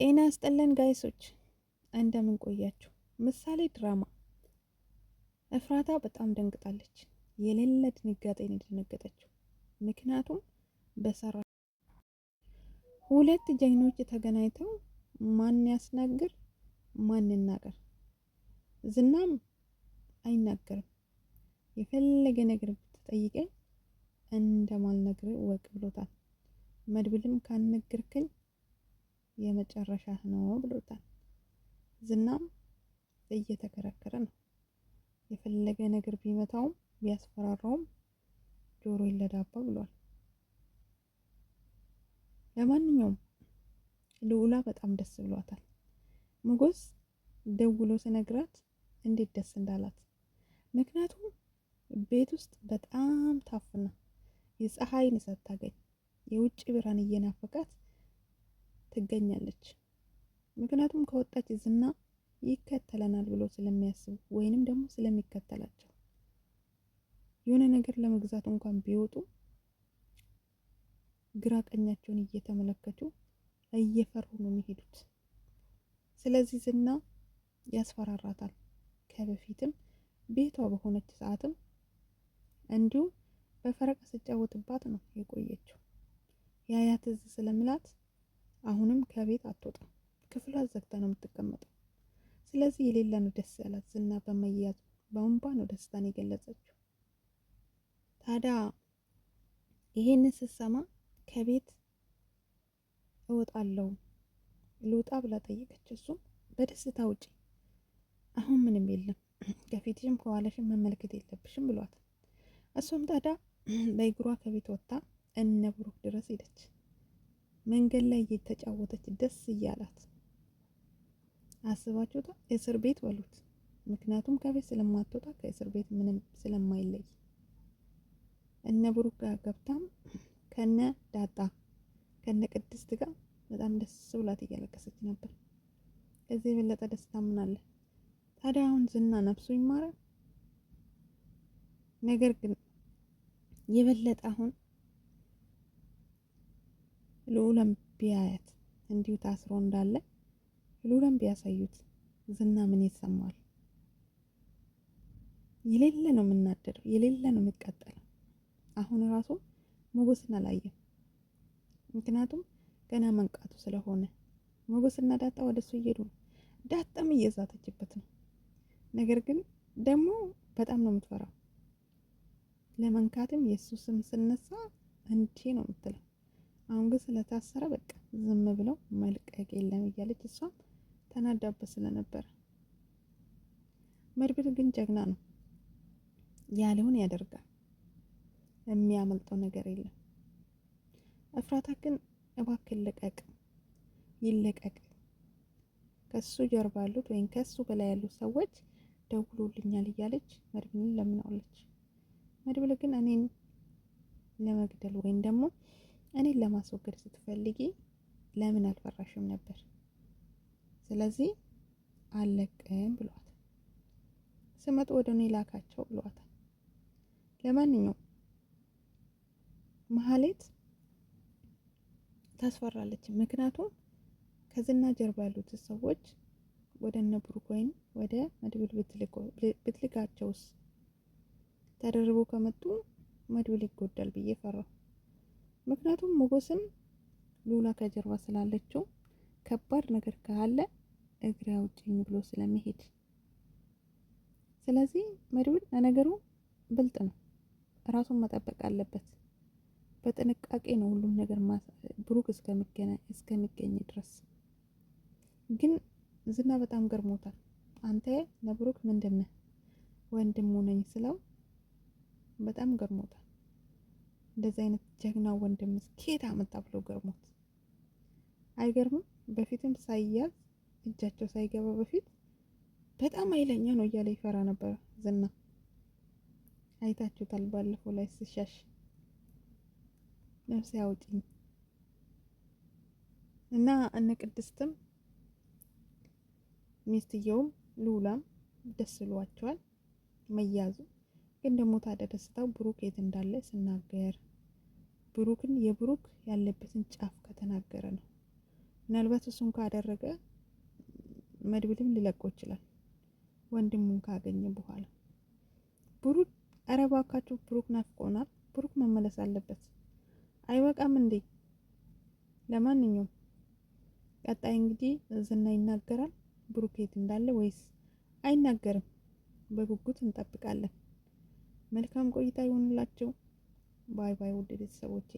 ጤና ያስጥልን ጋይሶች፣ እንደምን ቆያችሁ? ምሳሌ ድራማ። እፍራታ በጣም ደንግጣለች። የሌለ ድንጋጤ ነው የደነገጠችው። ምክንያቱም በሰራ ሁለት ጀግኖች ተገናኝተው ማን ያስናግር ማን እናገር? ዝናም አይናገርም። የፈለገ ነገር ብትጠይቀኝ እንደማልነግር ወቅ ብሎታል። መድብልም ካነግርክኝ የመጨረሻ ነው ብሎታል። ዝናም እየተከራከረ ነው። የፈለገ ነገር ቢመታውም ቢያስፈራራውም ጆሮ ይለዳባ ብሏል። ለማንኛውም ልዑላ በጣም ደስ ብሏታል። ሞገስ ደውሎ ስነግራት እንዴት ደስ እንዳላት። ምክንያቱም ቤት ውስጥ በጣም ታፍና የፀሐይን ሳታገኝ የውጭ ብርሃን እየናፈቃት ትገኛለች። ምክንያቱም ከወጣች ዝና ይከተለናል ብሎ ስለሚያስቡ ወይንም ደግሞ ስለሚከተላቸው የሆነ ነገር ለመግዛት እንኳን ቢወጡ ግራ ቀኛቸውን እየተመለከቱ እየፈሩ ነው የሚሄዱት። ስለዚህ ዝና ያስፈራራታል። ከበፊትም ቤቷ በሆነች ሰዓትም እንዲሁም በፈረቃ ስጫወትባት ነው የቆየችው። ያ ትዝ ስለምላት አሁንም ከቤት አትወጣም። ክፍሏን ዘግታ ነው የምትቀመጠው። ስለዚህ የሌላ ነው ደስ ያላት። ዝና በመያዝ በእንባ ነው ደስታን የገለጸችው። ታዲያ ይሄንን ስትሰማ ከቤት እወጣለሁ ልውጣ ብላ ጠየቀች። እሱም በደስታ ውጪ፣ አሁን ምንም የለም ከፊትሽም ከኋላሽም መመልከት የለብሽም ብሏት፣ እሱም ታዲያ በእግሯ ከቤት ወጥታ እነ ብሩክ ድረስ ሄደች። መንገድ ላይ እየተጫወተች ደስ እያላት አስባችሁታ እስር ቤት በሉት። ምክንያቱም ከቤት ስለማትወጣ ከእስር ቤት ምንም ስለማይለይ እነ ብሩክ ጋር ገብታም ከነ ዳጣ ከነ ቅድስት ጋር በጣም ደስ ብላት እያለቀሰች ነበር። ከዚህ የበለጠ ደስታ ምን አለ ታዲያ? አሁን ዝና ነፍሱ ይማራል። ነገር ግን የበለጠ አሁን ልዑለን ቢያያት እንዲሁ ታስሮ እንዳለ ልዑለን ቢያሳዩት ዝና ምን ይሰማዋል? የሌለ ነው የምናደደው፣ የሌለ ነው የሚቃጠለው። አሁን ራሱ ሞገስን አላየም፣ ምክንያቱም ገና መንቃቱ ስለሆነ ሞገስና ዳጣ ወደ እሱ እየሄዱ ነው። ዳጣም እየዛተችበት ነው። ነገር ግን ደግሞ በጣም ነው የምትፈራው። ለመንካትም የእሱ ስም ስነሳ እንዴ ነው የምትለው አሁን ግን ስለታሰረ በቃ ዝም ብለው መልቀቅ የለም እያለች እሷም ተናዳበት ስለነበረ መድብል ግን ጀግና ነው፣ ያለውን ያደርጋል። የሚያመልጠው ነገር የለም። እፍራታ ግን እባክህ ልቀቅ፣ ይለቀቅ፣ ከሱ ጀርባ ያሉት ወይም ከሱ በላይ ያሉት ሰዎች ደውሉልኛል እያለች መድብልን ለምናዋለች። መድብል ግን እኔን ለመግደል ወይም ደግሞ እኔን ለማስወገድ ስትፈልጊ ለምን አልፈራሽም ነበር? ስለዚህ አለቅም ብሏት ስመጡ ወደ እኔ ላካቸው ብሏታል። ለማንኛውም መሀሌት ታስፈራለች። ምክንያቱም ከዝና ጀርባ ያሉት ሰዎች ወደ እነ ብሩክ ወይም ወደ መድብል ብትልካቸውስ ተደርቦ ከመጡ መድብል ይጎዳል ብዬ ፈራሁ። ምክንያቱም ሞገስን ሉላ ከጀርባ ስላለችው ከባድ ነገር ካለ እግሬ አውጪኝ ብሎ ስለሚሄድ ስለዚህ መድብል ለነገሩ ብልጥ ነው። ራሱን መጠበቅ አለበት። በጥንቃቄ ነው ሁሉም ነገር ብሩክ እስከሚገኝ ድረስ። ግን ዝና በጣም ገርሞታል። አንተ ለብሩክ ምንድን ነህ? ወንድሙ ነኝ ስለው በጣም ገርሞታል። እንደዚህ አይነት ጀግና ወንድምስ ስኬት አመጣ ብሎ ገርሞት አይገርምም። በፊትም ሳይያዝ እጃቸው ሳይገባ በፊት በጣም ኃይለኛ ነው እያለ ይፈራ ነበር ዝና። አይታችሁታል። ባለፈው ላይ ስሻሽ ነፍሴ አውጪኝ እና እነ ቅድስትም ሚስትየውም ሉላም ደስ ብሏቸዋል መያዙ። ግን ደግሞ ታዲያ ደስታው ብሩክ የት እንዳለ ስናገር ብሩክን የብሩክ ያለበትን ጫፍ ከተናገረ ነው። ምናልባት እሱን ካደረገ መድብልም ሊለቆ ይችላል፣ ወንድሙን ካገኘ በኋላ። ብሩክ ኧረ እባካችሁ ብሩክ ናፍቆናል። ብሩክ መመለስ አለበት። አይበቃም እንዴ? ለማንኛውም ቀጣይ እንግዲህ ዝና ይናገራል ብሩክ የት እንዳለ ወይስ አይናገርም? በጉጉት እንጠብቃለን። መልካም ቆይታ ይሆንላቸው። ባይ ባይ ውድ ቤተሰቦቼ